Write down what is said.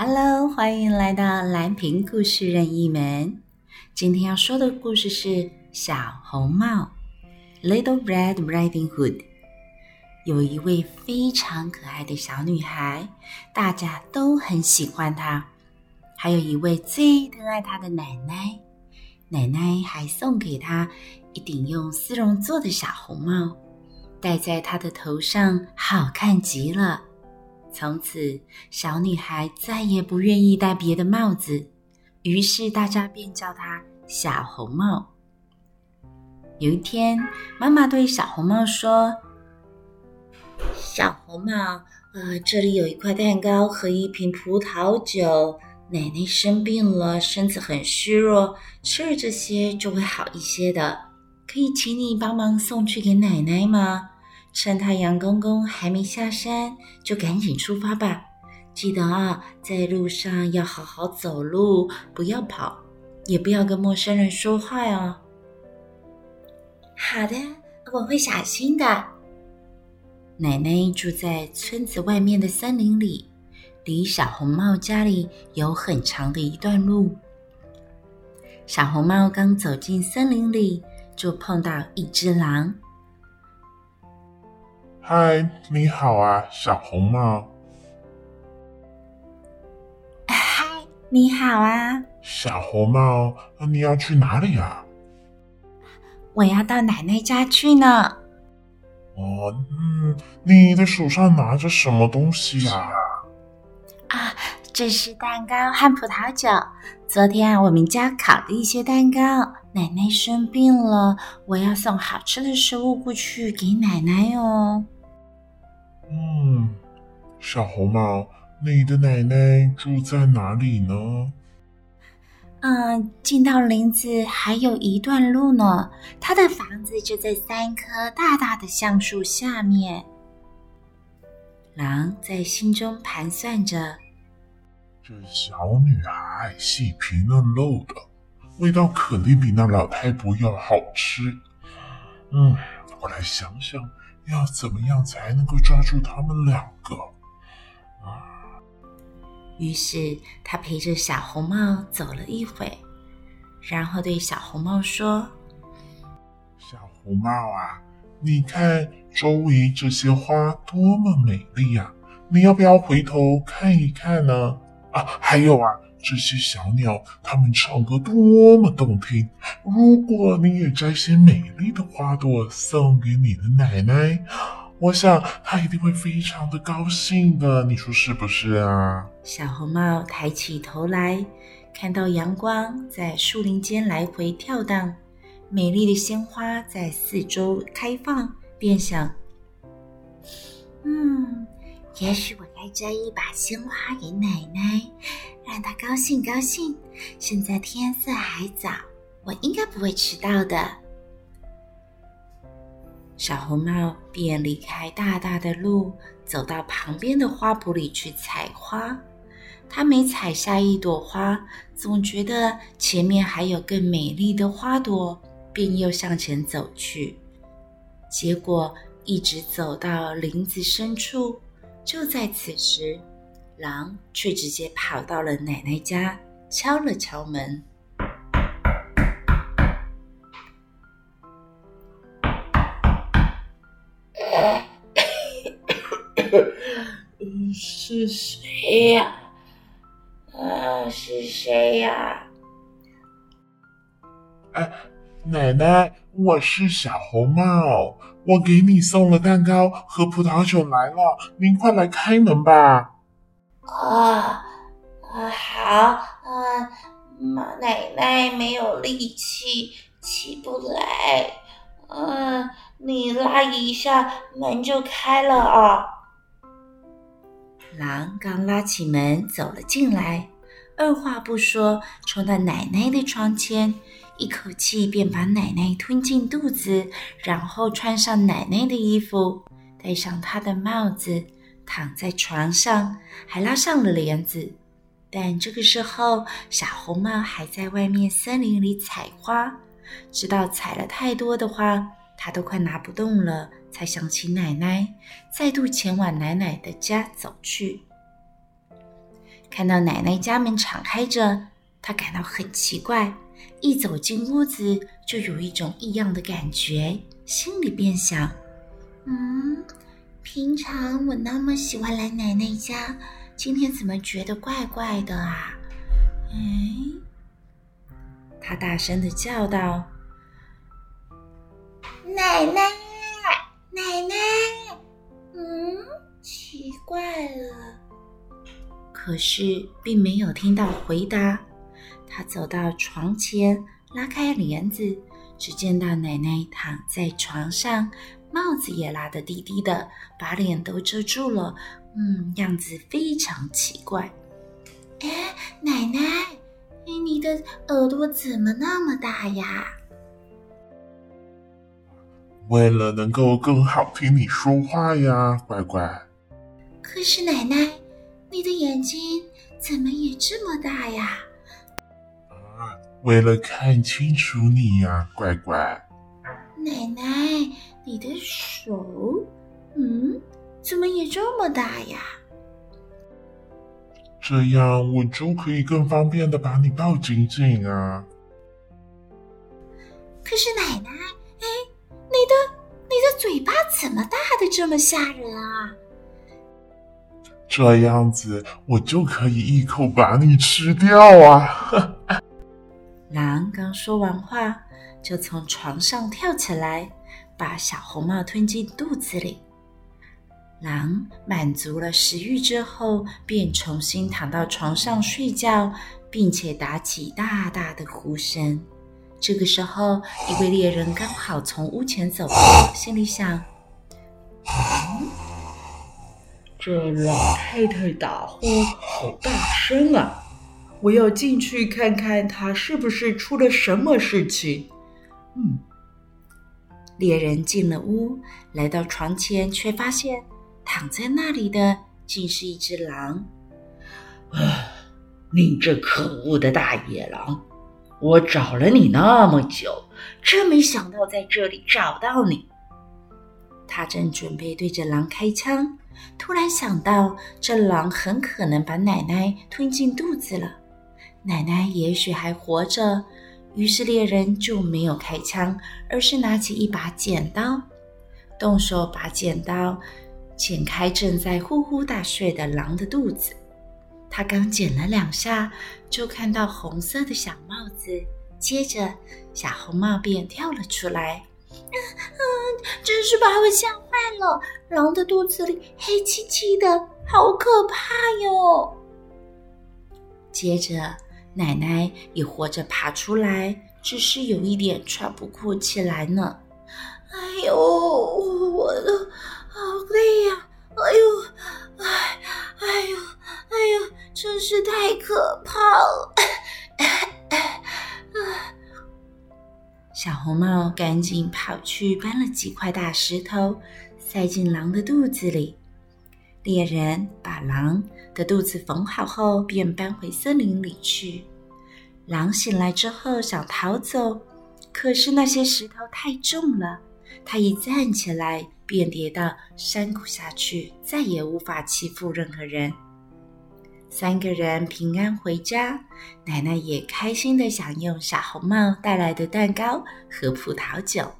Hello，歡迎來到藍瓶故事任意門。今天要說的故事是《小紅帽》（Little Red Riding Hood）。有一位非常可愛的小女孩，大家都很喜歡她。還有一位最疼愛她的奶奶，奶奶還送給她一頂用絲絨做的小紅帽，戴在她的頭上，好看極了。從此，小女孩再也不願意戴別的帽子，於是大家便叫她小紅帽。有一天，媽媽對小紅帽說：“小紅帽，呃，這裡有一塊蛋糕和一瓶葡萄酒，奶奶生病了，身子很虛弱，吃了這些就會好一些的，可以請你幫忙送去給奶奶嗎？”趁太陽公公還沒下山，就趕緊出發吧！記得啊，在路上要好好走路，不要跑，也不要跟陌生人說話哦。好的，我會小心的。奶奶住在村子外面的森林裡，離小紅帽家裡有很長的一段路。小紅帽剛走進森林裡，就碰到一隻狼。嗨，Hi, 你好啊，小紅帽。嗨，你好啊，小紅帽。你要去哪裡呀、啊？我要到奶奶家去呢。哦，oh, 嗯，你的手上拿着什麼東西呀、啊？啊，這是蛋糕和葡萄酒。昨天、啊、我們家烤了一些蛋糕，奶奶生病了，我要送好吃的食物過去給奶奶哦。嗯，小紅帽，你的奶奶住在哪裡呢？嗯，進到林子還有一段路呢。她的房子就在三棵大大的橡樹下面。狼在心中盤算着，這小女孩細皮嫩肉的，味道肯定比那老太婆要好吃。嗯，我來想想。要怎麼樣才能夠抓住他們兩個？啊！於是他陪着小紅帽走了一會，然後對小紅帽說：“小紅帽啊，你看周圍這些花多麼美麗呀，啊！你要不要回頭看一看呢？”啊，還有啊，這些小鳥，它們唱歌多麼動聽！如果你也摘些美麗的花朵送給你的奶奶，我想她一定會非常的高興的啊。你說是不是啊？小紅帽抬起頭來，看到陽光在樹林間來回跳蕩，美麗的鮮花在四周開放，便想：嗯，也許我。摘一把鮮花給奶奶，讓她高興高興。現在天色還早，我應該不會遲到的。小紅帽便離開大大的路，走到旁邊的花圃裡去採花。她每採下一朵花，總覺得前面還有更美麗的花朵，便又向前走去，結果一直走到林子深處。就在此時，狼卻直接跑到了奶奶家，敲了敲門。是誰呀？啊、呃，是誰呀、啊？呃奶奶，我是小紅帽，我給你送了蛋糕和葡萄酒來了，您快來開門吧。啊啊好，嗯、啊，奶奶沒有力氣，起不來，嗯、啊，你拉一下門就開了啊。狼剛拉起門走了進來，二話不說衝到奶奶的床前。一口氣便把奶奶吞進肚子，然後穿上奶奶的衣服，戴上她的帽子，躺在床上，還拉上了簾子。但這個時候，小紅帽還在外面森林裡採花，直到採了太多的花，她都快拿不動了，才想起奶奶，再度前往奶奶的家走去。看到奶奶家門敞開着，她感到很奇怪。一走進屋子，就有一種異樣的感覺，心裡便想：“嗯，平常我那麼喜歡來奶奶家，今天怎麼覺得怪怪的啊？”哎、嗯，他大聲的叫道：“奶奶，奶奶！”嗯，奇怪了，可是並沒有聽到回答。他走到床前，拉開簾子，只見到奶奶躺在床上，帽子也拉得低低的，把臉都遮住了。嗯，樣子非常奇怪。哎，奶奶，你，你的耳朵怎麼那麼大呀？為了能夠更好聽你說話呀，乖乖。可是奶奶，你的眼睛怎麼也這麼大呀？為了看清楚你呀，啊，乖乖，奶奶，你的手，嗯，怎麼也這麼大呀？這樣我就可以更方便的把你抱緊緊啊。可是奶奶，哎，你的你的嘴巴怎麼大的這麼嚇人啊？這樣子我就可以一口把你吃掉啊！哈。 剛說完話，就從床上跳起來，把小紅帽吞進肚子裡。狼滿足了食慾之後，便重新躺到床上睡覺，並且打起大大的呼聲。這個時候，一位獵人剛好從屋前走過，心裡想：嗯、啊，這老太太打呼好大聲啊！我要進去看看他是不是出了什麼事情。嗯，獵人進了屋，來到床前，卻發現躺在那裡的竟是一隻狼。啊！你這可惡的大野狼！我找了你那麼久，真沒想到在這裡找到你。他正準備對着狼開槍，突然想到這狼很可能把奶奶吞進肚子了。奶奶也許還活着，於是獵人就沒有開槍，而是拿起一把剪刀，動手把剪刀剪開正在呼呼大睡的狼的肚子。他剛剪了兩下，就看到紅色的小帽子，接着小紅帽便跳了出來。啊、嗯，真是把我嚇壞了！狼的肚子裡黑漆漆的，好可怕喲。接着。奶奶也活着爬出來，只是有一點喘不過氣來呢。哎呦，我都好累呀、啊！哎呦，哎，哎呦，哎呦，真是太可怕了！ 小紅帽趕緊跑去搬了幾塊大石頭，塞進狼的肚子裡。獵人把狼的肚子縫好後，便搬回森林裡去。狼醒來之後想逃走，可是那些石頭太重了，它一站起來便跌到山谷下去，再也無法欺負任何人。三個人平安回家，奶奶也開心的享用小紅帽帶來的蛋糕和葡萄酒。